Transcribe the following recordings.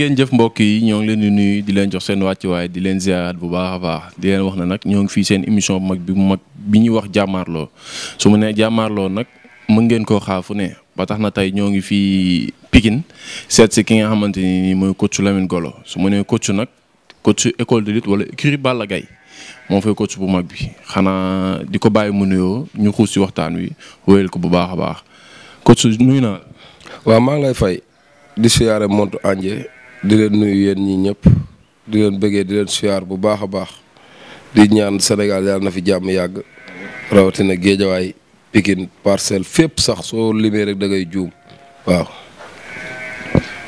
ngeen jëf mbokk yi ñoo ngi leen di nuyu di leen jox seen wàccuwaay di leen ziaraat bu baax a baax di leen wax na nag ñoo ngi fii seen émission bu mag bi mu mag bi ñuy wax jàmmaarloo su ma nee jàmmaarloo nag mën ngeen koo xaafu ne ba tax na tey ñoo ngi fii Pikine seet si ki nga xamante ni mooy coach Lamine Golo su ma nee coach nag coach école de lit wala écurie Balla gay moo fay coach bu mag bi xanaa di ko bàyyi mu nuyoo ñu xuus ci waxtaan wi wéyal ko bu baax a baax coach nuyu naa. waaw maa lay fay di leen nuyu yéen ñi ñëpp di leen bëggee di leen siyaar bu baax a baax di ñaan senegal yàlla na fi jàmm yàgg rawatina géejawaay Pikine parcelle fépp sax soo limee rek da ngay juum waaw.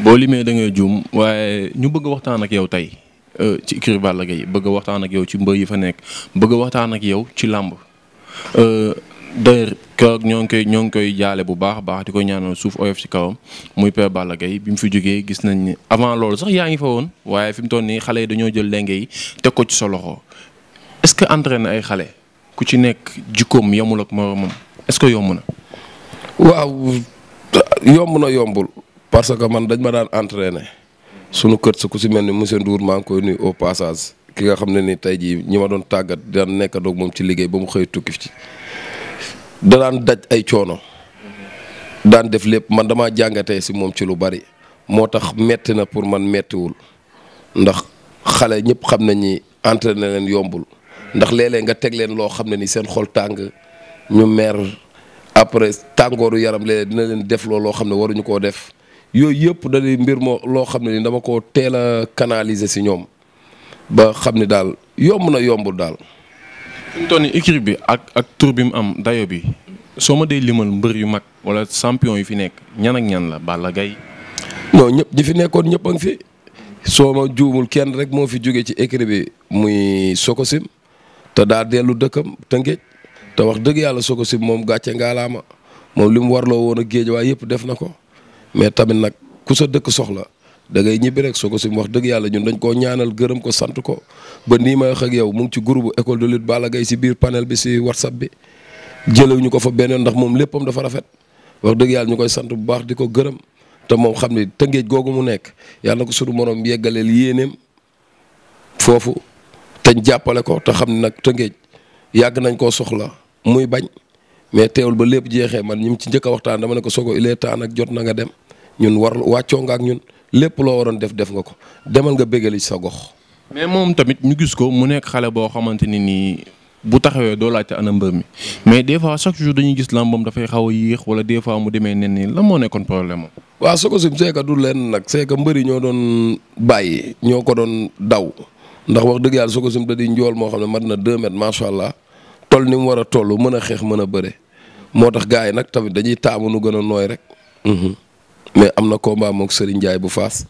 boo limee da ngay juum waaye ñu bëgg waxtaan ak yow tey euh, ci écurie Balla Gaye bëgg waxtaan ak yow ci mbër yi fa nekk bëgg waxtaan ak yow ci làmb euh, d'ailleurs keroog ñoo ngi koy ñoo ngi koy jaale bu baax a baax di ko ñaanoo suuf oyof ci kawam muy Père Balla Gaye bi mu fi jógee gis nañ ni avant loolu sax yaa ngi fa woon waaye fi mu nii xale yi dañoo jël lenge yi teg ko ci sa loxo est-ce que entraîné ay xale ku ci nekk jikkoom yamul ak moom est-ce que yomb na. waaw yomb na yombul parce que man dañ ma daan entraîné sunu kër sa ku si mel ni monsieur Ndour maa ngi koy nuyu au passage ki nga xam ne ni tey jii ñi ma doon tàggat daan nekk doog ci liggéey ba mu xëy tukki ci. da daj ay coono daan def lépp man damaa jàngatee si moom ci lu bari moo tax metti na pour man mettiwul ndax xale ñëpp xam nañ ni entraîné leen yombul ndax léeg-léeg nga teg leen loo xam ne ni seen xool tàng ñu mer après tàngooru yaram léeg-léeg dina leen def loo xam ne waruñu koo def yooyu yëpp dañuy mbir moo loo xam ne ni dama ko teel a canaliser si ñoom ba xam ne daal yomb na yombul daal. fi mu bi ak ak tour bi mu am dayo bi soo ma dee limal mbër yu mag wala champion yu fi nekk ñan ak ñan la Balla Gaye non ñëpp di fi nekkoon ñëpp a ngi fi soo ma juumul kenn rek moo fi jóge ci écurie bi muy Sococim te daa dellu dëkkam Tëngéej te wax dëgg yàlla Sococim moom gàcce ngaalaama moom li mu warloo woon a géej waaye yëpp def na ko mais tamit nag ku sa dëkk soxla da ngay ñibbi rek soo ko sim wax dëgg yàlla ñun dañ koo ñaanal gërëm ko sant ko ba nii may wax ak yow mu ci groupe école de lutte Balla Gaye si biir panel bi si whatsapp bi ñu ko fa beneen ndax moom léppam dafa rafet wax dëgg yàlla ñu koy sant bu baax di ko gërëm te moom xam ne tëngéej googu mu nekk yàlla na ko suñu moroom yeggaleel yéeneem foofu te jàppale ko te xam nag tëngéej yàgg nañ koo soxla muy bañ mais teewul ba lépp jeexee man ñu mu ci njëkk a waxtaan dama ne ko sogo il est jot na nga dem ñun war wàccoo nga ak ñun lépp loo waroon def def nga ko demal nga bégali sa gox. mais moom tamit ñu gis ko mu nekk xale boo xamante ni nii bu taxawee doo laajte ana mbër mi mais des fois chaque jour dañuy gis làmbam dafay xaw a yéex wala des fois mu demee nen nii lan moo nekkoon problème moom. waaw su ko sim c'est du leen nag c'est que mbër yi ñoo doon bàyyi ñoo ko doon daw ndax wax dëgg yàlla su ko sim da njool moo xam ne mat na 2 mètres macha allah toll ni mu war a toll mën a xeex mën a bëre moo tax gars yi nag tamit dañuy taamu nu gën nooy rek. Mhm. mais am na combat mook Serigne Ndiaye bu Faas.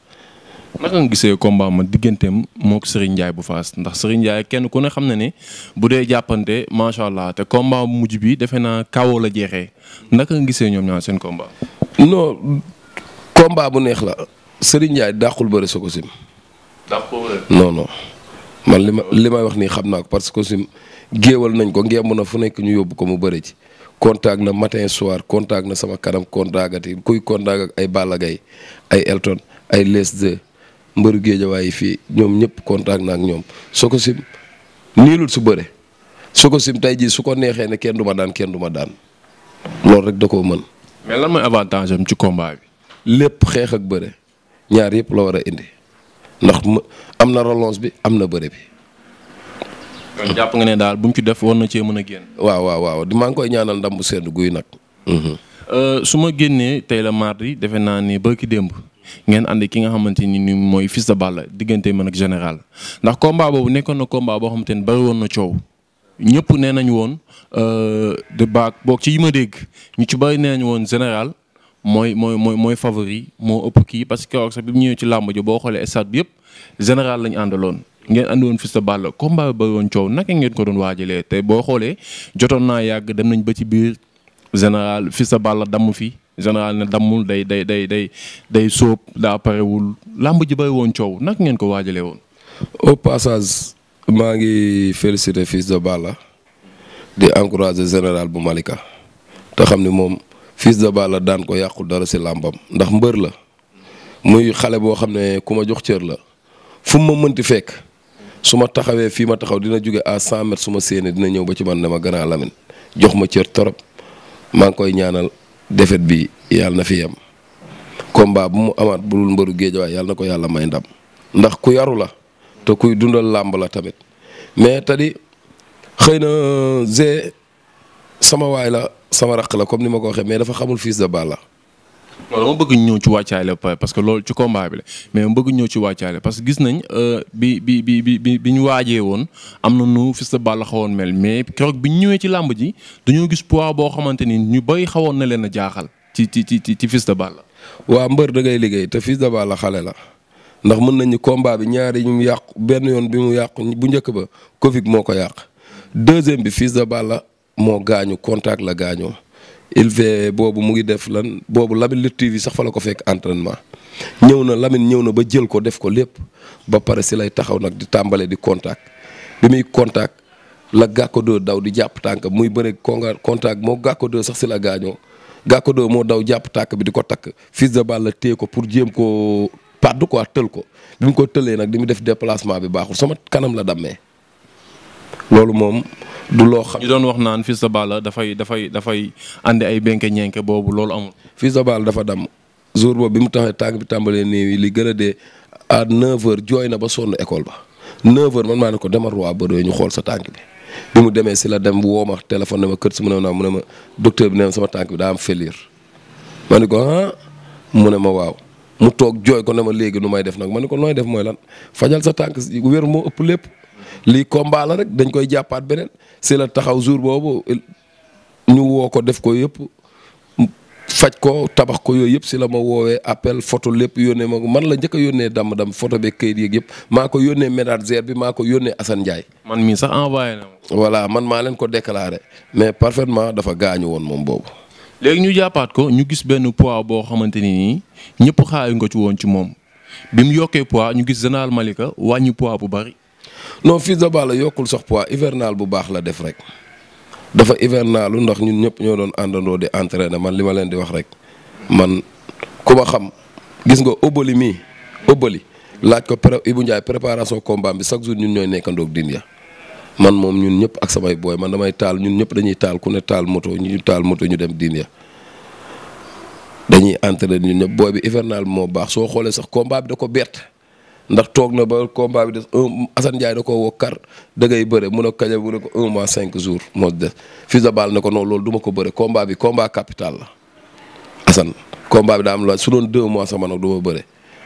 naka nga ma digganteem moog Serigne bu Faas ndax Serigne Ndiaye kenn ku ne xam na ni bu dee jàppante macha allah te combat mujj bi defe naa kawoo la jeexee naka nga gisee ñoom ñaar seen combat. non combat bu neex la Serigne Ndiaye dàqul bëre sa ko sim. dàqul bëre man li ma li may wax nii xam naa ko parce que sim géewal nañ ko ngéem na fu nekk ñu yóbbu ko mu bëre ci contact na matin soir contact na sama kanam contact yi kuy contact ak ay Balla ay Elton ay Les de mbëru géejawaay yi fii ñoom ñëpp contact na ak ñoom Soko Sim niilul su bëre Soko Sim tey jii su ko neexee ne kenn du ma daan kenn du ma daan loolu rek da koo mën. mais ci combat lépp xeex ak bëre ñaar yëpp la war a indi ndax am na relance bi am na bëre bi. jàpp nga ne daal bu mu ci def war na cee mën a génn. waaw waaw waaw di maa ngi koy ñaanal ndam bu sedd guy nag. Mhm. Euh, su ma génnee tey la mardi defe naa ni ki démb ngeen ànd ki nga xamante ni ni mooy Fils de Balla diggante mën ak général ndax combat boobu nekkoon na combat boo xamante ni bari woon na coow. ñëpp nee nañu woon euh, de baag boo ci yi ma dégg ñu ci bari nee nañu woon général mooy mooy mooy mooy favori moo ëpp kii parce que bi mu ñëwee ci làmb ji boo xoolee stade bi yëpp général lañu àndaloon. ngeen andi woon Fils de Balla combat ba woon coow naka ngeen ko doon waajalee te boo xoolee jotoon naa yàgg dem nañ ba ci biir général Fils de Balla damm fi général ne dammul day day day day day sóob daa parewul làmb ji bëri woon coow naka ngeen ko waajalee woon. au passage maa ngi féliciter Fils de la di encourager général bu Malika te xam ni moom Fils de Balla daan ko yàqul dara si làmbam ndax mbër la muy xale boo xam ne ku ma jox cër la fu mu ma mënti fekk. su ma taxawee fii ma taxaw dina jóge à 100 mètres su ma dina ñëw ba ci man ne ma Grand Lamine jox ma cër torop maa ngi koy ñaanal défaite bi yàlla na fi yem combat bu mu amaat bu dul mbëru géejawaay yàlla na ko yàlla may ndam ndax ku yaru la te kuy dundal làmb la tamit mais tadi xëy na Zé sama waay la sama raq la comme ni ma ko waxee mais dafa xamul fils de Balla loolu dama bëgg ñëw ci wàccaay la parce que loolu ci combat bi la mais ma bëgg ñëw ci wàccaay la parce que gis nañ euh, bi bi bi bi bi ñu waajee woon am na nu Fils de Balla xawoon mel mais keroog bi ñu ñëwee ci làmb ji dañoo gis poids boo xamante ni ñu bay xawoon na leen a jaaxal ci ci ci ci Fils de Balla. waa mbër da ngay liggéey te Fils de Balla xale la ndax mën nañu combat bi ñaari ñu yàqu benn yoon bi mu yàqu bu njëkk ba Covid moo ko yàq deuxième bi Fils de Balla moo gaañu contact la gaañoo. il fait boobu mu ngi def lan boobu Lamine Lutte TV sax fa la ko fekk entraînement ñëw na Lamine ñëw na ba jël ko def ko lépp ba pare si lay taxaw nag di tàmbalee di contact bi muy contact la gàkko daw di jàpp tànk muy bëre konga contact moo gàkko doo sax si la gaañoo gàkko doo moo daw jàpp tànk bi di ko takk Fils de Balla la téye ko pour jéem koo pàdd quoi tël ko bi mu ko tëlee nag di mu def déplacement bi baaxul sama kanam la dammee loolu moom. du loo xam. ñu doon wax naan Fils de Balla dafay dafay dafay andi ay benke ñenke boobu loolu amul. Fils de Balla dafa dam jour boobu bi mu taxee tànk bi tàmbalee nii li gën a dee à 9h jooy na ba sonn école ba 9h man maa ne ko demal waa bëre ñu xool sa tànk bi. bi mu demee si la dem woo ma téléphone ne ma kër si mu ne ma mu ne ma docteur bi ne ma tànk bi daa am félir ma ne ko ah mu ne ma waaw mu toog jooy ko ne ma léegi nu may def nag ma ne ko nooy def mooy lan fajal sa tànk wér moo ëpp lépp. lii combat la rek dañ koy jàppaat beneen si la taxaw jour boobu ñu woo ko def ko yëpp faj ko tabax ko yooyu yëpp si la ma woowee appel photo lépp ma man la njëkk yónnee dam dam photo beeg kayit yeeg yëpp maa ko yónnee ménagère bi maa ko yónnee Assane Ndiaye. man mii sax envoyé na voilà man maa leen ko déclaré mais parfaitement dafa gaañu woon moom boobu. léegi ñu jàppaat ko ñu gis benn poids boo xamante ni nii ñëpp xaayu nga ci woon ci moom bi mu yokkee poids ñu gis général Malika wàññi pois bu bari. non Fils de Balla yokkul sax poids hivernal bu baax la def rek dafa hivernalu ndax ñun ñëpp ñoo doon àndandoo di entraîner man li ma leen di wax rek man ku xam gis nga obali mii obali laaj ko pré Ibou Ndiaye préparation combat bi chaque jour ñun ñooy nekkandoog din ya man moom ñun ñëpp ak samay booy man damay taal ñun ñëpp dañuy taal ku ne taal moto ñu taal moto ñu dem din ya dañuy entraîner ñun ñëpp booy bi hivernal moo baax soo xoolee sax combat bi da ko bett ndax toog na ba combat bi des un Assane Ndiaye mu ne ko mois cinq jours moo des Fils de ko non loolu du ma ko bëre combat bi combat capital la Assane combat su doon deux mois sama nag du ma bëre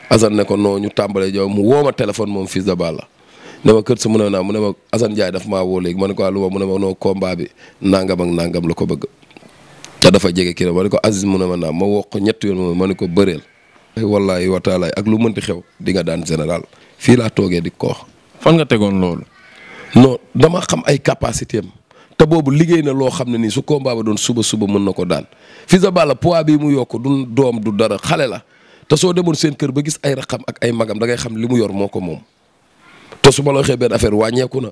Assane ne ko non ñu tàmbalee jaw mu woo ma téléphone moom Fils de Balla kër sa mu naa mu ne ma Assane daf maa woo léegi ma ne ko lu ma mu ne ma non combat bi nangam ak nangam la ko bëgg te dafa jege kii ma ne ko Aziz mu ne ma naa ma woo ko ñett yoon ma ne ko bëreel wallahi wa taala ak lu mënti xew di nga daan général fii laa toogee di koox. fan nga tegoon loolu. non dama xam ay capacité am te boobu liggéey na loo xam ne nii su combat ba doon suba suba mën na ko daan fii de Balla bii mu yokk du doom du dara xale la te soo demoon seen kër ba gis ay raxam ak ay magam da xam li mu yor moo ko moom. te su ma la affaire wàññeeku na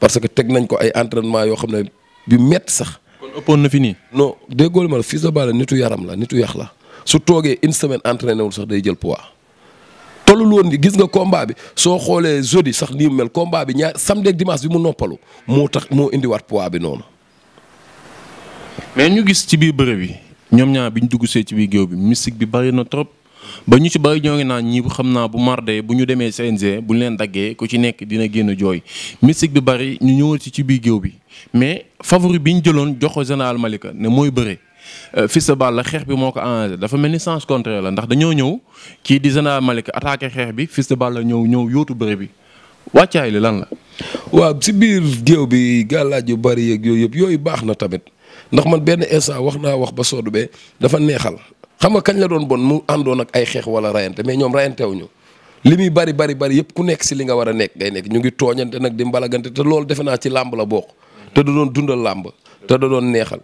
parce que teg nañ ko ay entraînement yoo xam ne bi métti sax. kon na fi nii. non déggoo ma la Fils de nitu yaram la nitu yax la. su toogee une semaine entraîné wul sax day jël poids. tollul loon ni gis nga combat bi soo xoolee jeudi sax nii mel combat bi ñaar samedi ak dimanche bi mu noppalu moo tax moo indiwaat pois bi noonu. mais ñu gis ci biir bërëb bi ñoom ñaar bi ñu dugg see ci biir géew bi mystique bi bari na trop ba ñu ci bari ñoo ngi naan ñi xam naa bu mardee bu ñu demee CNG bu ñu leen daggee ku ci nekk dina génn jooy mystique bi bari ñu ñëwal ci ci biir géew bi mais favori bi ñu jëloon jox ko général ne mooy bëre. Euh, Fils de Balla xeex bi moo ko arrangé dafa mel ni sens contraire la ndax dañoo ñëw kii di Général Malika attaqué xeex bi Fils de Balla ñëw ñëw yootu bëre bi wàccaay li lan la. waaw si biir géew bi gàllaaj yu bari yeeg yooyu yëpp yooyu baax na tamit ndax man benn instant wax naa wax ba soodu be dafa neexal xam nga kañ la doon bon mu àndoon ak ay xeex wala rayante mais ñoom rayantewuñu li muy bari bari bari yëpp ku nekk si li nga war a nekk ngay nekk ñu ngi tooñante nag di mbalagante te loolu defe naa ci làmb la bokk te da doon dundal làmb te da doon neexal.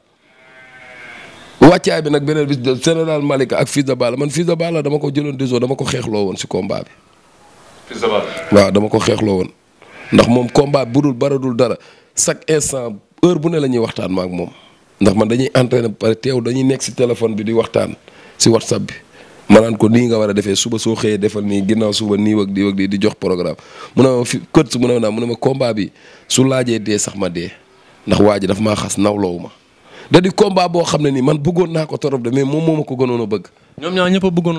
wàccaay bi nag beneen bi général Malika ak Fils de Balla man Fils de Balla dama ko jëloon déso dama ko xeexloo woon si combat bi. waaw dama ko xeexloo woon ndax moom combat bu baradul dara chaque instant heure bu ne la ñuy waxtaan ak moom ndax man dañuy entraîné pare teew dañuy nekk si téléphone bi di waxtaan si whatsapp bi. ma naan ko nii nga war a defee suba soo xëyee defal nii ginnaaw suba nii wag di di jox programme mu ne ma fi kër su mu ne ma mu ne ma bi su laajee dee sax ma dee ndax waa ji daf maa xas nawloowu ma. da di boo xam ne nii man bëggoon naa ko torop de mais moom moo ma ko gënoon a bëgg. ñoom ñaar a bëggoon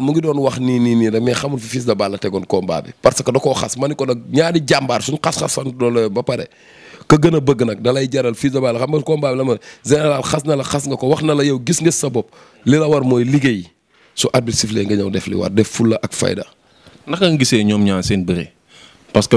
mu ngi doon wax nii nii nii rek mais xamul fi Fils de Balla tegoon combat bi. parce que da koo xas ma ni ko nag ñaari jàmbaar suñu xas-xasandoo ba pare bëgg nag da lay jaral Fils de Balla xam nga combat bi ma général xas na la xas nga ko wax na la yow gis nga sa bopp li la war mooy liggéey su arbitre sifflé nga ñëw def li war def fulla ak fayda. naka nga gisee ñoom ñaar seen bëre parce que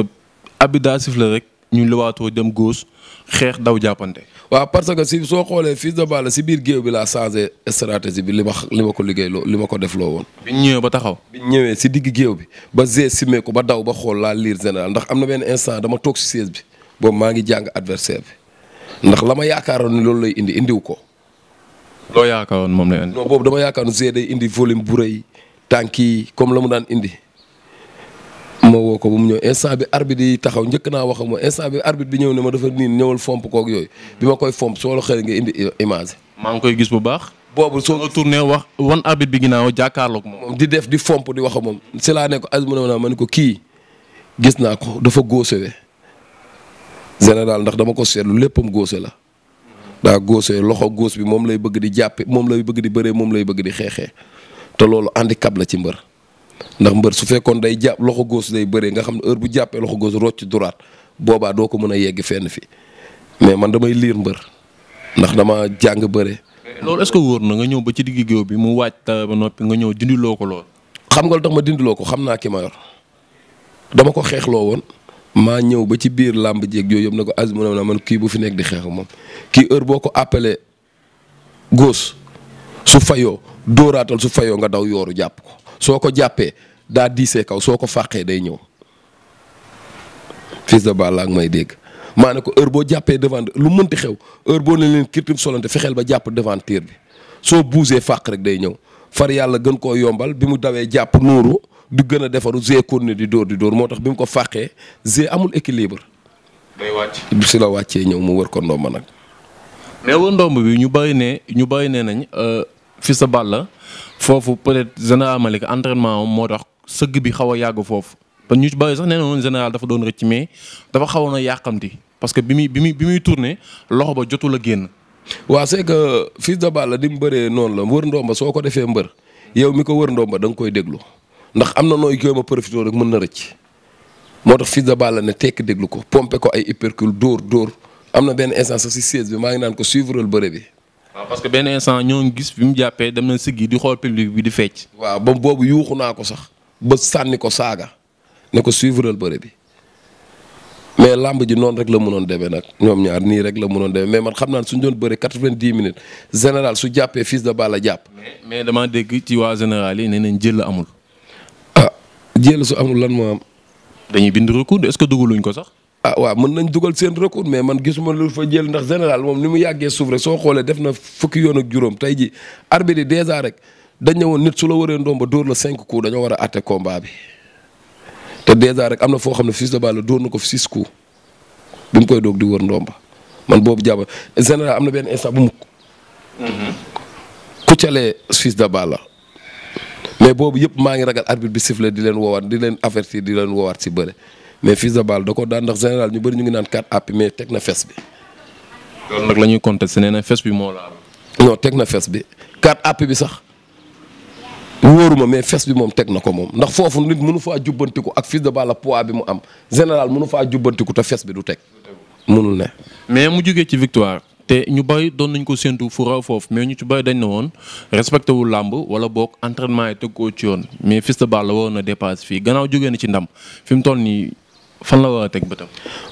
arbitre daa sifflé rek ñu lewaatoo dem góos xeex daw jàppante. waaw parce que si soo xoolee Fils de Balla si biir géew bi laa changé stratégie bi li ma li ma ko liggéey loo li ma ko def loo woon. biñ ñëwee ba taxaw. biñ ñëwee si digg géew bi ba G simmee ko ba daw ba xool laa liir général ndax am na benn instant dama toog si siège bi boobu maa ngi jàng adversaire bi ndax la ma yaakaaroon ni loolu lay indi indiw ko. loo yaakaaroon moom lay indi. non boobu dama yaakaaroon G day indi volume bu rëy tànk yi comme la mu daan indi. ma woo ko ba mu ñëw instant bi arbitre yi taxaw njëkk naa wax ak ma instant bi arbitre bi ñëw ne ma dafa niin ñëwal fomp kook yooyu bi ma koy fomp soo la xëy nga maa ngi koy gis bu baax. boobu soo nga tourné wax wan arbitre bi ginnaaw jàkkaarloog moom. di def di fomp di wax moom si laa ne ko as ma ma ne ko kii gis naa ko dafa góosewee général ndax dama ko seetlu léppam góose la daa góose loxo góos bi moom lay bëgg di jàppe moom lay bëgg di bëree moom lay bëgg di xeexee te loolu handicap la ci mbër. ndax mbër su fekkoon day jàpp loxo góos day bëree nga xam ne heure bu jàppee loxo góos rocc duraat boobaa doo ko mën a yegg fenn fi mais man damay liir mbër ndax dama jàng bëre. loolu est-ce que wóor na nga ñëw ba ci digg géew bi mu waaj ba noppi nga ñëw dindiloo ko lool. xam nga lu dindiloo ko xam naa ki ma dama ko xeexloo woon maa ñëw ba ci biir làmb jeeg yooyu yëpp na ko as mu ne man kii bu fi nekk di xeex moom kii heure boo ko appelé góos su fayoo dóoraatal su fayoo nga daw yooru jàpp ko soo ko jàppee. daa diisee kaw soo ko fàqee day ñëw fils de Balla ak may dégg maa ne ko heure boo jàppee devant lu mënti xew heure boo ne leen kirtim solante fexeel ba jàpp devantir bi soo buusee fàq rek day ñëw far yàlla gën koo yombal bi mu dawee jàpp nuuru di gën a defaru g konne di dóor di dóor moo tax bi mu ko fàqee g amul équilibre day wàcc si la wàccee ñëw mu wër ko ma nag mais wër ndomb bi ñu bari ne ñu bari ne nañ euh, Fils de Balla foofu peut-être général Malick moo tax sëgg bi xaw a yàgg foofu ñu ba sax nee noonu général dafa doon rëcc mais dafa xawoon a yàqamti parce que bi muy bi muy bi muy tourné loxo ba jotul a génn. waaw c'est que Fils de di mu bëree noonu la wër ndomba soo ko defee mbër yow mi ko wër ndomba da nga koy déglu ndax am na nooy koy ma profité rek mën na rëcc moo tax Fils de ne tekki déglu ko pompé ko ay hypercule dóor dóor am na benn instant sax si siège bi ngi naan ko suivre bëre bi. waaw parce que ñoo gis bi mu jàppee dem na yi di xool public bi di fecc. waa ba boobu yuuxu naa ko sax. ba sànni ko saaga ne ko suivre bëre bi mais làmb ji noonu rek la mënoon demee nag ñoom ñaar nii rek la mënoon demee mais man xam naa suñ doon bëre quatre-vingt-dix minutes général su jàppee fils de Balla jàpp. mais mais damaa dégg ci waa général yi nee nañ jël amul. a ah, jël su amul lan moo am. dañuy bind recours est-ce que dugaluñ ko sax. a ah, waaw mën nañ dugal seen recours mais man gisuma lu fa jël ndax général moom ni mu yàggee suuf rek soo xoolee def na fukki yoon juróom tey ji arbitre bi déjà rek. dañ ne nit su la waree ndomba dóor la cinq coups dañoo war a àtte combat bi te dèjà rek am na foo xam ne Fils de Balla dóor na ko six coups bi mu koy doog di wër ndomba man boobu jàpp général am na benn instant bu mu kuccalee Fils de Balla mais boobu yëpp maa ngi ragal arbitre bi sifflé di leen woowaat di leen avertir di leen woowaat si bëre mais Fils de Balla da ko daan ndax général ñu bëri ñu ngi naan quatre appuis mais teg na fes bi. loolu nag la ñuy contesté na fes bi moo la am. teg na bi quatre appuis bi sax. wóoruma mais fes bi moom teg na ko moom ndax foofu nit mënu faa jubbantiku ak Fils de Balla poids bi mu am général mënu faa jubbantiku te fes bi du teg mënul ne. mais mu jógee ci victoire te ñu bay doon nañ ko séntu fu raw foofu mais ñu ci bari dañ ne woon respecté wu làmb wala bokk entraînement yi teg koo ci yoon mais Fils de la waroon na dépasse fii gannaaw jógee na ci ndam fi mu toll nii fan la war a teg bëtam.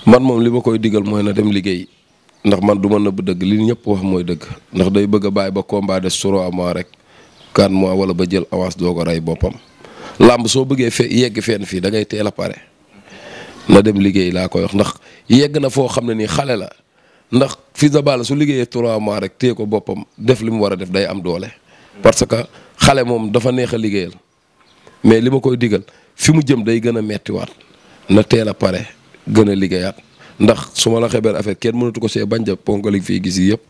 man moom li ma koy digal mooy na dem liggéey ndax man du ma nëbb dëgg li ñëpp mooy dëgg ndax day bëgg a bàyyi ba combat de suro amoo rek. quatre mois wala ba jël avance doo ko rey boppam làmb soo bëggee fe yegg fenn fii da ngay teel a pare na dem liggéey laa koy wax ndax yegg na foo xam ne nii xale la ndax Fils sa Balla su liggéeyee trois mois rek téye ko boppam def li mu war a def day am doole. parce que xale moom dafa neex liggéeyal mais li ma koy digal fi mu jëm day gën a mettiwaat na teel a pare gën a liggéeyaat ndax su ma la xebeer affaire kenn mënatu ko see bañ a ponkalik fii gis yëpp.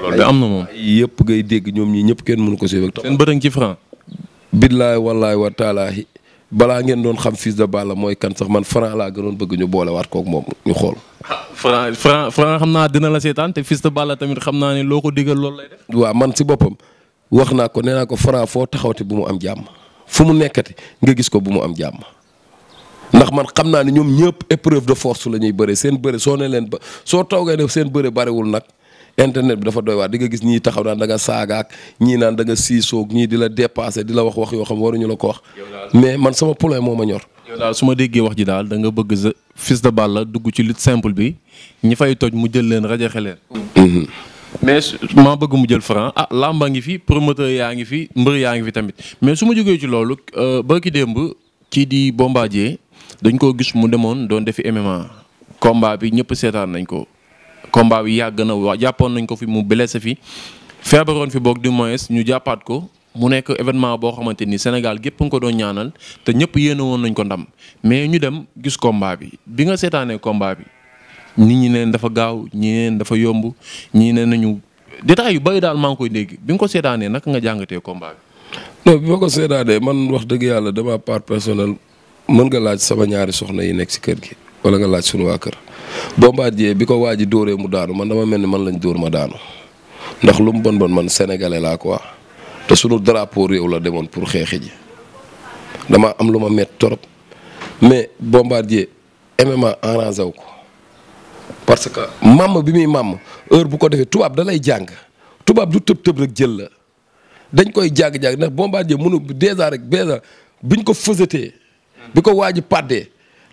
loolu de am na moom yëpp ngay dégg ñoom ñii ñëpp kenn mënu ko suivre. seen bërëng ci franc. billaay wallaay wa taalaahi balaa ngeen doon xam Fils de Balla mooy kan sax man franc laa gënoon bëgg ñu boolewaat kook moom ñu xool. Ah, franc franc franc xam naa dina la seetaan te Fils de Balla tamit xam naa ne loo ko digal loolu lay def. waaw man si boppam wax naa ko nee naa ko franc foo taxawte bu mu am jàmm fu mu nekkati nga gis ko bu mu am jàmm. ndax man xam naa ne ñoom ñëpp épreuve de force la ñuy bëre seen soo ne leen ba soo toogee def seen bëre bariwul nag internet bi dafa doy waar di nga gis ñii taxaw naan da nga saagaak ñii naan da nga siisoog ñii di la dépassé di la wax wax yoo xam waruñu la ko wax mais man sama poulain moo ma ñor su ma déggee wax ji daal da bëgg sa Fils de Balla dugg ci lutte simple bi ñu fay toj mu jël leen rajaxe leen mm-hmm. mais maa bëgg mu jël franc ah a ngi fi promoteur yaa ngi fi mbër yaa ngi fi tamit mais su ma jógee ci loolu euh, ba démb kii di Bombardier dañ koo gis mu demoon doon defi MMA combat bi ñëpp seetaan nañ ko combat bi yàgg na waa jàppoon nañ ko fi mu blessé fi feebaroon fi boog du moins ñu jàppaat ko mu nekk événement boo xamante ni Sénégal gépp nga ko doon ñaanal te ñëpp yéene woon nañ ko ndam mais ñu dem gis combat bi bi nga seetaanee combat bi nit ñi neen dafa gaaw ñi dafa yomb ñi ne nañu détails yu bëri daal maa ngi koy dégg bi nga ko seetaanee naka nga jàngatee komba bi. non bi ma ko seetaanee man wax dëgg yàlla dama part personnel mën nga laaj sama ñaari soxna yi nekk si kër gi wala nga sunu waa kër. Bombardier bi ko waa dóoree mu daanu man dama mel ni man lañ dóor ma daanu ndax lu mu bon bon man sénégalais laa quoi te sunu drapeau réew la demoon pour xeexi ji dama am lu ma mett torop mais Bombardier MMA arrangé wu ko parce que màmm bi muy màmm heure bu ko defee tubaab da lay jàng tubaab du tëb tëb rek jël la dañ koy jàng jàng ndax Bombardier mënu dèjà rek dèjà biñ ko fësatee bi ko waaju ji pàddee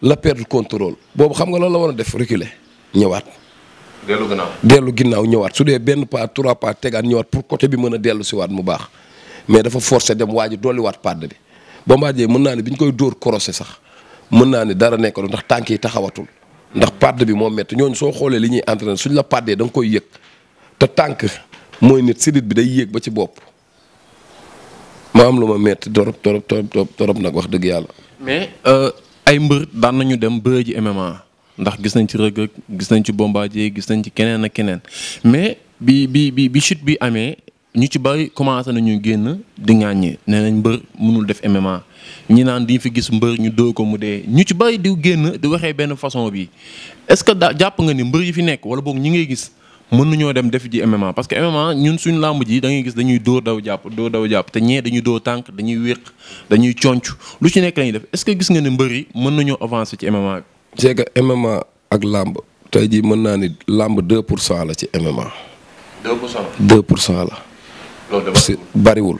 la perdre contrôle boobu xam nga loolu la war a def reculer ñëwaat. dellu ginnaaw dellu ginnaaw ñëwaat su dee benn pas trois pas tegaat ñëwaat pour côté bi mën a dellu si waat mu baax mais dafa forcer dem waaju waa ji dolliwaat pàdd bi. Bombardier mën naa ne bi ñu koy dóor crossé sax mën naa ne dara nekkoon ndax tànk yi taxawatul ndax pàdd bi moo metti ñooñu soo xoolee li ñuy entraîné suñ la pàddee da nga koy yëg te tànk mooy nit si sidit bi day yéeg ba ci bopp. ma am lu ma métti torop torop torop torop nag wax dëgg yàlla. Euh, ay mbër daan nañu dem bëre ji MMA ndax gis nañ ci Reug gis nañ ci Bombardier gis nañ ci keneen ak keneen mais bi bi bi bi chute bi amee ñu ci bari commencé nañu génn di ŋàññi nee nañ mbër mënul def MMA ñi naan di fi gis mbër ñu dóor ko mu dee ñu ci bari di génn di waxee benn façon bi est-ce que daa jàpp nga ni mbër yi fi nekk wala boog ñi ngay gis. mën nañoo dem def ji MMA parce que MMA ñun suñu làmb ji da gis dañuy dóor daw jàpp dóor daw jàpp te ñee dañuy dóor tànk dañuy wéq dañuy conc lu ci nekk lañuy def est-ce que gis nga ne mbër yi mën nañoo avancer ci MMA bi. c'est que MMA ak làmb tey jii mën naa ni làmb 2 pour cent la ci MMA. 2 pour pour cent la. loolu parce que bariwul.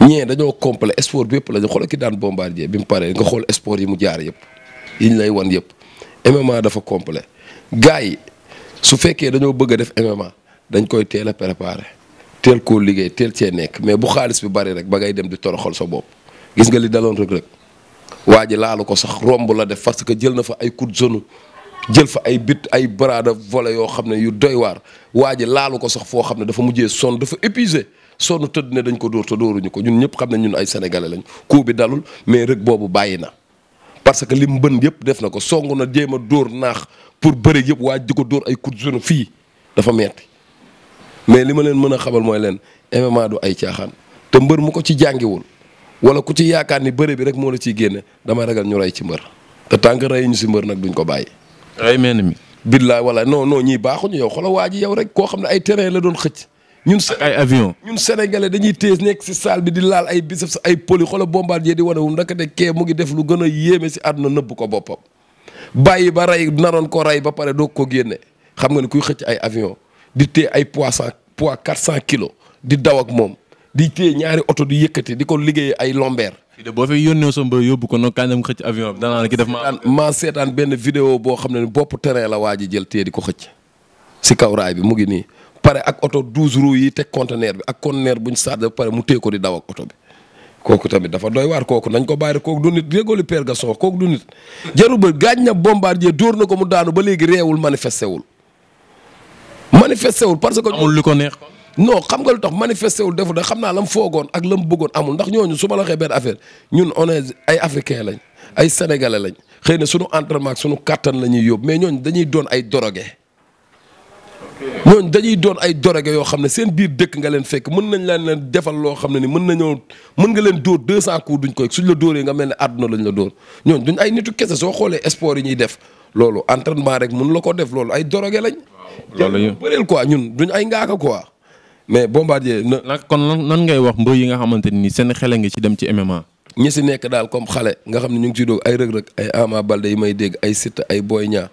ñee dañoo complet sport bi yëpp la ñu xool ki daan bombardier bi mu paree nga xool sport yi mu jaar yëpp yi ñu lay wan yëpp MMA dafa complet gars yi su fekkee dañoo bëgg a def MMA dañ koy teela a préparé teel koo liggéey teel cee nekk mais bu xaalis bi bari rek ba ngay dem di toroxal sa bopp gis nga li daloon rek rek waa ji laalu ko sax romb la def parce que jël na fa ay coup de jël fa ay bit ay bras de volet yoo xam ne yu doy waar waa laalu ko sax foo xam ne dafa mujjee sonn dafa épuisé sonn tëdd ne dañ ko dóor te dóoruñu ko ñun ñëpp xam ne ñun ay sénégalais lañ coup bi dalul mais rek boobu bàyyi na parce que li mbën yëpp def na ko song na jéem a dóor naax pour bëre yëpp waaj di ko dóor ay coups de fii dafa metti mais li ma leen mën a xamal mooy leen MMA du ay caaxaan te mbër mu ko ci jàngiwul wala ku ci yaakaar ni bëre bi rek moo la ciy génne dama ragal ñu rey ci mbër te tànk rey ñu si mbër nag duñ ko bàyyi. ay mel mi. billaay wala non non ñii baaxuñu yow xoolal waa yow rek koo xam ne ay terrain la doon xëcc. ñun ay avion ñun sénégalais dañuy téye nekk si saal bi di laal ay biceps ay poli xoolal bombardier di wane wu mu naka de mu ngi def lu gën a yéeme si àdduna nëbb ko boppam. bàyyi ba rey naroon ko rey ba pare doog ko génne xam nga ne kuy xëcc ay avion di téye ay pois cent pois quatre cent kilos di daw ak moom di téye ñaari oto di yëkkati di ko liggéey ay lombeer. boo fi yónnee sa mbër yóbbu ko noonu kañ dem xëcc avion bi danaa la ki def ma. maa seetaan benn vidéo boo xam ne bopp terrain la waa ji jël téye di ko xëcc si kaw raay bi mu ngi nii pare ak oto douze roues yi te conteneur bi ak conteneur bu ñu sàdd ba pare mu téye ko di daw ak oto bi. kooku tamit dafa doy waar kooku nañ ko bàyyi rek kooku du nit déggoo li Père Gasson kooku du nit jarul ba gaañ na Bombardier dóor na ko mu daanu ba léegi reewul manifesté wul. manifesté wul parce que. amul lu ko neex. non xam nga lu tax manifesté wul defu da xam naa la mu foogoon ak la mu bëggoon amul ndax ñooñu su ma la waxee benn affaire ñun on est ay africain lañ ay sénégalais lañ xëy na sunu entraînement ak sunu kattan la ñuy yóbbu mais ñooñu dañuy doon ay drogué. ñooñu dañuy doon ay doroge yoo xam ne seen biir dëkk nga leen fekk mën nañ leen leen defal loo xam ne ni mën nañoo mën nga leen dóor cent coups duñ koy suñ la dóoree nga mel ne àdduna lañ la dóor ñooñu duñ ay nitu kese soo xoolee sport yi ñuy def loolu entraînement rek mën la ko def loolu ay doroge lañ. loolu ñu bëreel quoi ñun duñ ay ngaaka quoi mais bombardier na. kon nan ngay wax mbër yi nga xamante ni seen xele ngi ci dem ci MMA. ñi si nekk daal comme xale nga xam ne ñu ngi ciy doog ay rëg-rëg ay Ama Baldé yi may dégg ay Siteu ay Boy ñaa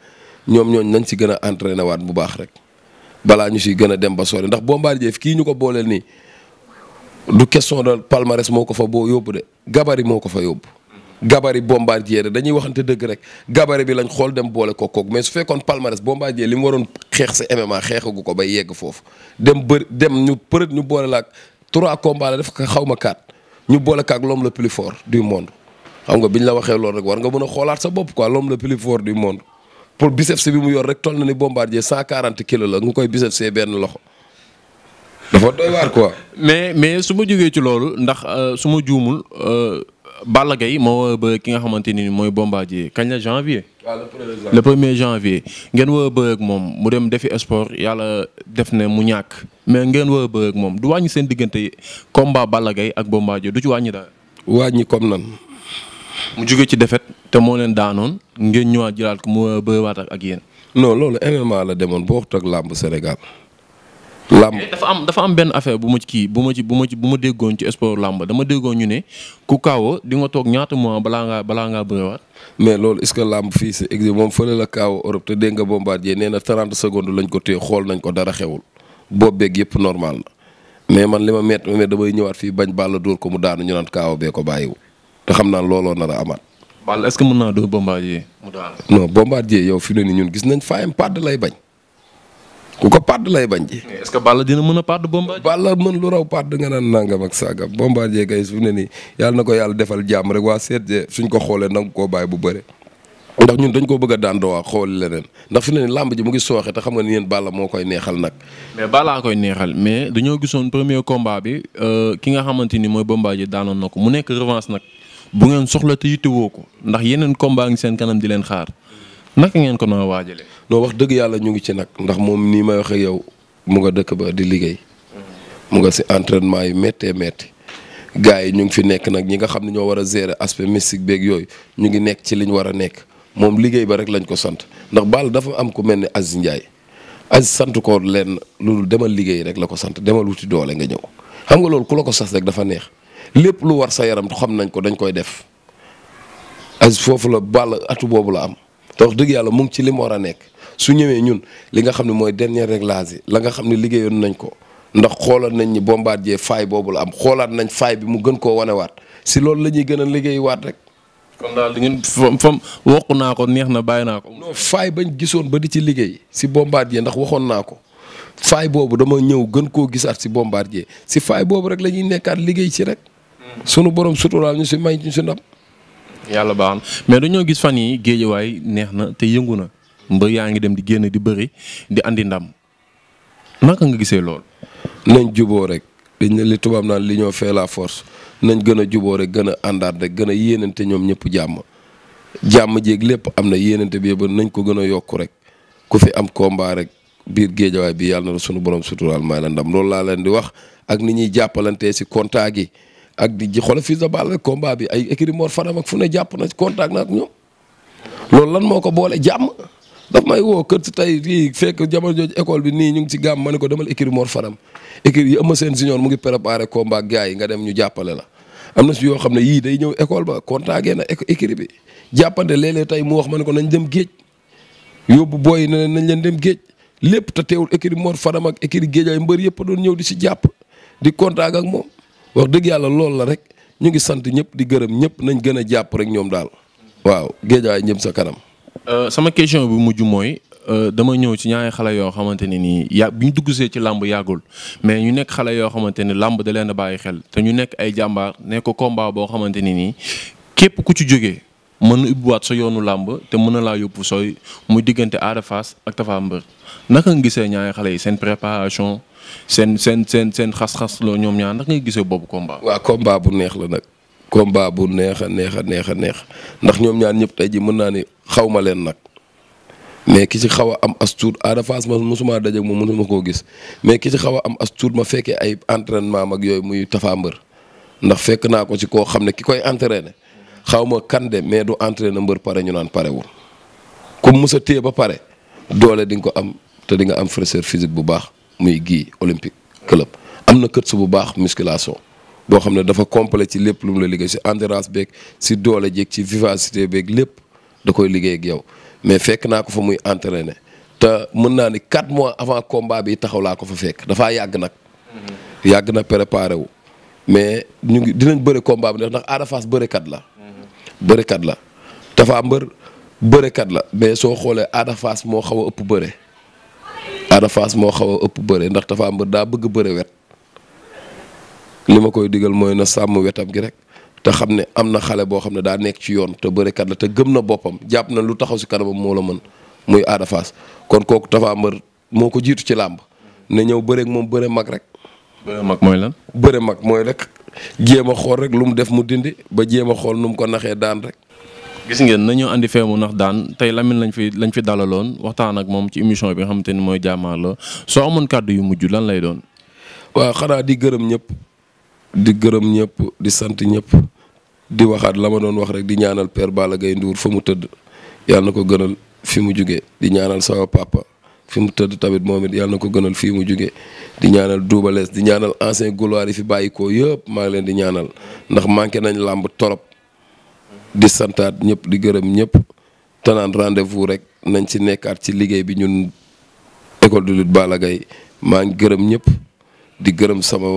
ñoom ñooñu nañ si gën a entraîné waat bu baax rek balaa ñu si gën a dem ba sori ndax Bombardier kii ñu ko booleel nii du question de palmarès moo ko fa boo yóbbu de gabari moo ko fa yóbbu. gabari Bombardier dañuy waxante dëgg rek gabari bi lañ xool dem boole ko koog mais su fekkoon palmarès Bombardier li mu waroon xeex sa MMA xeexagu ko bay yegg foofu dem bër dem ñu përët ñu boole laak trois combats la def ko xaw ma quatre ñu boole kaak l'homme le plus fort du monde xam nga biñ la waxee loolu war nga mën a xoolaat sa bopp quoi l'homme le plus fort pour biceps bi mu yor rek toll na ni bombardier cent quarante kilo la nga koy biceps benn loxo dafa quoi. mais mais su ma jógee ci loolu ndax euh, su ma juumul euh, Balla Gaye moo wër ba ki nga xamante ni mooy bombardier kañ la janvier. waaw ah, le premier janvier ngeen wër ba ak moom mu dem defi esport yàlla def ne mu ñàkk mais ngeen wër ba ak moom du wàññi seen diggante combat Balla Gaye ak bombardier du ci wàññi daal. wàññi comme nan. mu jóge ci defet te moo leen daanoon ngeen ñëwaat jëlaat ko mu bëriwaat ak yéen. non loolu MMA la demoon boo waxut làmb Sénégal. làmb eh, dafa am dafa am benn affaire bu kii bu ma ci bu ma ci bu ma déggoon ci sport làmb dama déggoon ñu ne ku kaawoo di nga toog ñaata mois balaa ngaa balaa ngaa bëriwaat. mais loolu est que làmb fii si exi moom fële la kaawoo Europe te dégg nga Bombardier nee na lañ ko téye xool nañ ko dara xewul boobu yëpp normal na mais man li ma met mais damay ñëwaat fii bañ Balla dóor ko mu daanu ñu naan kaawoo bee ko bàyyiwu te xam naa looloo nar amaat. Balla est-ce que mën naa doo Bombardier mu daan. non Bombardier yow fi mu ne ñun gis nañ faayam pàdd lay bañ ku ko pàdd lay bañ ji. est-ce que Balla dina mën a pàdd Bombardier. Balla mën lu raw pàdd nga naan nangam ak saaga Bombardier kay fi mu ne nii yàlla na ko yàlla defal jàmm rek waa seet suñ ko xoolee nangu koo bàyyi bu bëre. ndax ñun dañ koo bëgg a daan doo waa xool leneen ndax fi ne làmb ji mu ngi sooxe te xam nga ni yéen Balla moo koy neexal nag. mais koy neexal mais dañoo gisoon premier combat bi euh, ki nga xamante ni mooy Bombardier daanoon na ko mu nekk revanche nag bu ngeen soxla te yittewoo ko ndax yeneen combat ngi seen kanam di leen xaar naka ngeen ko noo waajalee. non wax dëgg yàlla ñu ngi ci nag ndax moom nii may waxee ak yow mu nga dëkk ba di liggéey. mu nga si entraînement yi méttee métti. gars yi ñu ngi fi nekk nag ñi nga xam ne ñoo war a gérer aspect mystique beeg yooyu ñu ngi nekk ci li ñu war a nekk moom liggéey ba rek lañ ko sant ndax Balla dafa am ku mel ni Aziz Ndiaye Aziz sant ko leen lu loolu demal liggéey rek la ko sant demal wuti doole nga ñëw xam nga loolu ku la ko sas rek dafa neex. lépp lu war sa yaram xam nañ ko dañ koy def as foofu la bàll atu boobu la am te dëgg yàlla mu ci li mu war a nekk su ñëwee ñun li nga xam ne mooy dernier réglage yi la nga xam ne liggéeyoon nañ ko ndax xoolal nañ ni bombardier faay boobu la am xoolaat nañ faay bi mu gën koo wanewaat si loolu la ñuy gën a liggéey waat rek. kon daal di ngeen wokk naa ko neex na bàyyi naa ko. non faay bañ gisoon ba di ci liggéey si bombardier ndax waxoon naa ko faay boobu dama ñëw gën koo gisaat si bombardier si faay boobu rek la ñuy nekkaat liggéey ci rek. sunu borom suturaal ñu si may ñu si ndam. yàlla baax na mais dañoo gis fan yi géejewaay neex na te yëngu na mbër yaa ngi dem di génn di bëri di andi ndam naka nga gisee lool. nañ juboo rek dañ ne li tubaab naan li ñoo fee la force nañ gën a juboo rek gën a àndaat rek gën a yéenante ñoom ñëpp jàmm jàmm jéeg lépp am na yéenante bi ba nañ ko gën a yokku rek ku fi am combat rek biir géejawaay bi yàlla na sunu borom suturaal may la ndam loolu laa leen di wax ak ni ñuy jàppalantee si contact gi. ak di ji xoolal Fils de Balla combat bi ay écurie moor Fadam ak fu ne jàpp na contact na ak ñoom loolu lan moo ko boole jàmm daf may woo kër si tey fii fekk jamono jooju école bi nii ñu ngi ci gàmm ma ne ko demal écurie Mor Fadam écurie yi Eumeu Sène Junior mu ngi préparé combat ak gars yi nga dem ñu jàppale la. am na si yoo xam ne yii day ñëw école ba contacté na écurie bi jàppante léeg-léeg tey mu ma ne ko nañ dem géej yóbbu booy ne nañ leen dem géej lépp te teewul écurie Mor Fadam géej ay mbër yëpp doon ñëw di si jàpp di contact ak moom. wax dëgg yàlla loolu la rek ñu ngi sant ñëpp di gërëm ñëpp nañ gën a jàpp rek ñoom daal waaw géejaay ñëm sa kanam. Euh, sama question bi mujj mooy euh, dama ñëw ci ñaari xale yoo xamante ne nii ya bi ñu duggsee ci làmb yàggul mais ñu nekk xale yoo xamante ne làmb da leen a bàyyi xel te ñu nekk ay jàmbaar nekk combat boo xamante ne nii képp ku ci jóge mën na ubbiwaat sa yoonu làmb te mën na laa yóbbu sooy muy diggante Ada Fass ak Tapha Mbeur naka nga gisee ñaari xale yi seen préparation. seen seen seen seen xas-xas loo ñoom ñaan ndax ngay gisee boobu combat. waaw combat bu neex la nag. combat bu neex a neex a neex a neex ndax ñoom ñaar ñëpp tey ji mën naa ni xawma leen nag mais ki ci xaw a am as tuut Ada Fass ma mosuma daje moom mosuma koo gis mais ki ci xaw a am as tuut ma fekkee ay entraînement mag yooyu muy Tapha Mbeur ndax fekk naa ko ci koo xam ne ki koy entraîné xaw ma kan de mais du entraîné mbër pare ñu naan parewul comme mos a ba pare doole di nga ko am te di nga am fraîcheur physique bu baax. muy gii olympique club am na kër su bu baax musculation boo xam ne dafa complet ci lépp lu mu la liggéey si endurance beeg si doole jeeg ci vivagité beeg lépp da koy liggéey ak yow mais fekk naa ko fa muy entraîner te mën naa ni 4 mois avant combat bi taxaw laa ko fa fekk dafa yàgg nag. Mm-hmm. yàgg na préparé wu mais ñu ngi dinañ bëri combat bi ndax Ada Fass bërekat la. Mm-hmm. bërekat la dafa Tapha Mbeur bërekat la mais soo xoolee Ada Fass moo xaw ëpp bëre. Ada moo xaw a ëpp bëre ndax Tapha Mbeur daa bëgg bëre wet li ma koy digal mooy na sàmm wetam gi rek te xam ne am na xale boo xam ne daa nekk ci yoon te bërekat la te gëm na boppam jàpp na lu taxaw si kanamam moo la man muy Ada kon kooku Tapha Mbeur moo ko jiitu ci làmb ne ñëw bëreek moom bëre mag rek. bëre mooy lan. bëre mag mooy rek jéem a xool rek lu mu def mu dindi ba jéem a xool nu mu ko naxee daan rek. gis ngeen nañoo andi feemu ndax daan tey Lamine lañ fi lañ fi dalaloon waxtaan ak moom ci émission bi nga xamante ni mooy Jamarloo soo amoon kàddu yu mujj lan lay doon. waaw xanaa di gërëm ñëpp di gërëm ñëpp di sant ñëpp di waxaat la ma doon wax rek di ñaanal per Balla Gaye Ndour fa mu tëdd yàlla na ko gënal fi mu jóge di ñaanal sama papa. fi mu tëdd tamit moom it yàlla na ko gënal fii mu jóge di ñaanal duubalees di ñaanal ancien gloire yi fi bàyyikoo yëpp maa ngi leen di ñaanal ndax manqué nañ làmb torop di santaat ñëpp di gërëm ñëpp te naan rendez-vous rek nañ ci nekkaat ci liggéey bi ñun école de lutte Balla maa ngi gërëm ñëpp di gërëm sama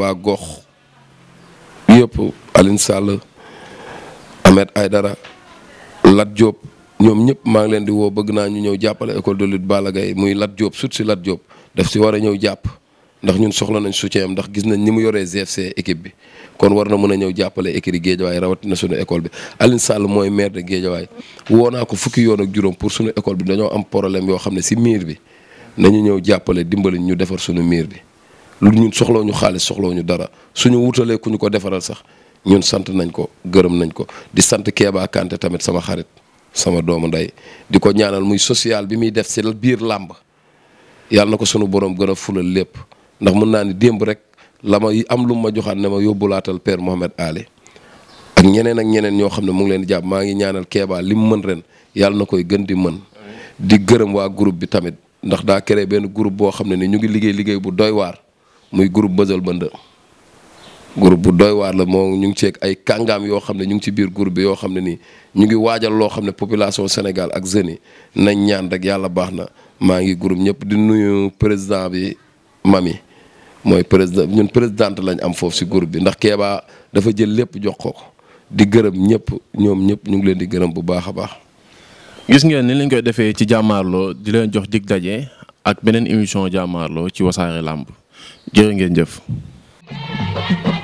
waa gox yëpp Alioune Sall ay dara Lat Diop ñoom ñëpp maa ngi leen di woo bëgg naa ñu ñëw jàppale école de lutte Balla Gaye muy Lat Diop sut si Lat Diop def si war a ñëw jàpp ndax ñun soxla nañ soutien am ndax gis nañ ni mu yoree GFC équipe bi kon war na mën a ñëw jàppale écurie Guédiawaye rawatina suñu école bi alin Sall mooy maire de Guédiawaye woo naa ko fukki yoon ak juróom pour suñu école bi dañoo am problème yoo xam ne si miir bi nañu ñëw jàppale dimbali ñu defar suñu miir bi lu ñun soxloo ñu xaalis soxloo ñu dara suñu wutalee ku ñu ko defaral sax ñun sant nañ ko gërëm nañ ko di sant Kéba Kanté tamit sama xarit sama doomu nday di ko ñaanal muy social bi muy def si biir làmb yàlla na ko sunu borom gën a lépp ndax mën naa ni démb rek la ma am lu ma joxaat ne ma yóbbulaatal père Mohamed Ali ak ñeneen ak ñeneen ñoo xam ne mu ngi leen di jàpp maa ngi ñaanal Kéba li mu mën ren yàlla na koy gën di mën di gërëm waa groupe bi tamit ndax daa créé benn groupe boo xam ne ni ñu ngi liggéey liggéey bu doy waar muy groupe Bësal Bënd groupe bu doy waar la moo ñu ngi ceeg ay kàngaam yoo xam ne ñu ngi ci biir groupe bi yoo xam ne nii ñu ngi waajal loo xam ne population Sénégal ak jeunes yi nañ ñaan rek yàlla baax na maa ngi groupe ñëpp di nuyu président bi mami mooy président ñun présidente lañ am foofu si groupe bi ndax Kéba dafa jël lépp jox ko di gërëm ñëpp ñoom ñëpp ñu ngi leen di gërëm bu baax a baax. gis ngeen ni lañ koy defee ci jàmmaarloo di leen jox dig daje ak beneen émission jàmmaarloo ci wasaare làmb jërë ngeen jëf.